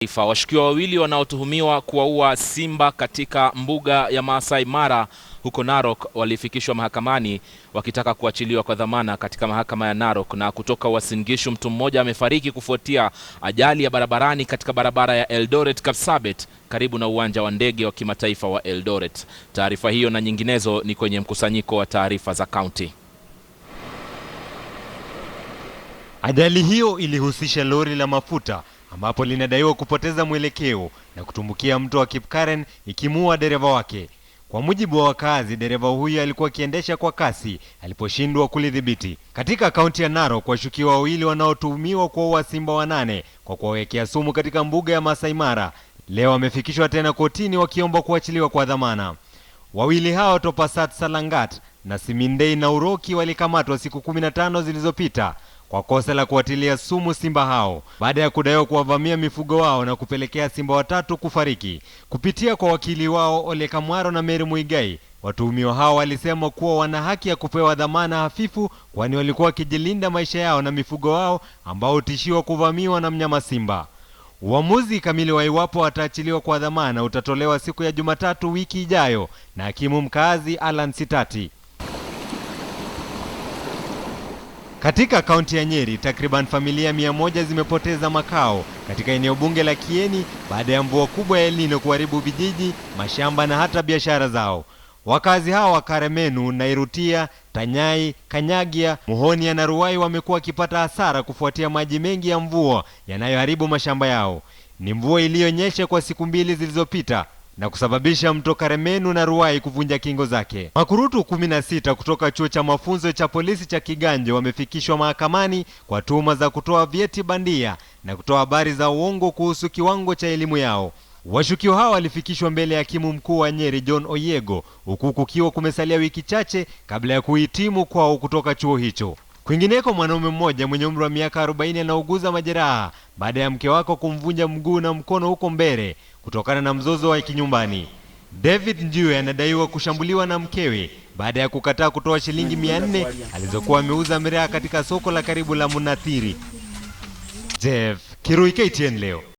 Taifa. Washukiwa wawili wanaotuhumiwa kuwaua simba katika mbuga ya Maasai Mara huko Narok walifikishwa mahakamani wakitaka kuachiliwa kwa dhamana katika mahakama ya Narok. Na kutoka Uasin Gishu, mtu mmoja amefariki kufuatia ajali ya barabarani katika barabara ya Eldoret Kapsabet karibu na uwanja wa ndege wa kimataifa wa Eldoret. Taarifa hiyo na nyinginezo ni kwenye mkusanyiko wa taarifa za kaunti. Ajali hiyo ilihusisha lori la mafuta ambapo linadaiwa kupoteza mwelekeo na kutumbukia mto wa Kipkaren ikimuua dereva wake. Kwa mujibu wa wakazi, dereva huyo alikuwa akiendesha kwa kasi aliposhindwa kulidhibiti. Katika kaunti ya Narok, washukiwa wawili wanaotuhumiwa kuwaua simba wanane kwa kuwawekea sumu katika mbuga ya Masai Mara leo wamefikishwa tena kotini wakiomba kuachiliwa kwa dhamana. Wawili hao Topasat Salangat na Simindei Nauroki walikamatwa siku 15 zilizopita kwa kosa la kuwatilia sumu simba hao baada ya kudaiwa kuwavamia mifugo wao na kupelekea simba watatu kufariki. Kupitia kwa wakili wao Ole Kamwaro na Mary Muigai, watuhumiwa hao walisema kuwa wana haki ya kupewa dhamana hafifu, kwani walikuwa wakijilinda maisha yao na mifugo wao ambao hutishiwa kuvamiwa na mnyama simba. Uamuzi kamili wa iwapo wataachiliwa kwa dhamana utatolewa siku ya Jumatatu wiki ijayo na hakimu mkaazi Alan Sitati. Katika kaunti ya Nyeri, takriban familia mia moja zimepoteza makao katika eneo bunge la Kieni baada ya mvua kubwa ya El Nino kuharibu vijiji, mashamba na hata biashara zao. Wakazi hawa wa Karemenu, Nairutia, Tanyai, Kanyagia, Muhonia na Ruai wamekuwa wakipata hasara kufuatia maji mengi ya mvua yanayoharibu mashamba yao. Ni mvua iliyonyesha kwa siku mbili zilizopita na kusababisha mto Karemenu na Ruai kuvunja kingo zake. Makurutu 16 kutoka chuo cha mafunzo cha polisi cha kiganjo wamefikishwa mahakamani kwa tuhuma za kutoa vyeti bandia na kutoa habari za uongo kuhusu kiwango cha elimu yao. Washukiwa hao walifikishwa mbele ya hakimu mkuu wa Nyeri John Oyego huku kukiwa kumesalia wiki chache kabla ya kuhitimu kwao kutoka chuo hicho. Kwingineko, mwanaume mmoja mwenye umri wa miaka 40 anauguza majeraha baada ya mke wake kumvunja mguu na mkono huko Mbere kutokana na mzozo wa kinyumbani. David Njue anadaiwa kushambuliwa na mkewe baada ya kukataa kutoa shilingi 400 alizokuwa ameuza miraa katika soko la karibu la Munathiri. Jeff Kirui, KTN leo.